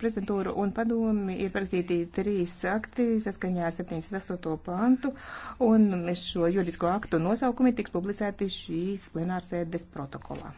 prezidentūru un padomi ir parakstīti trīs akti saskaņā ar 78. pantu, un šo juridisko aktu nosaukumi tiks publicēti šīs plenārsēdes protokolā.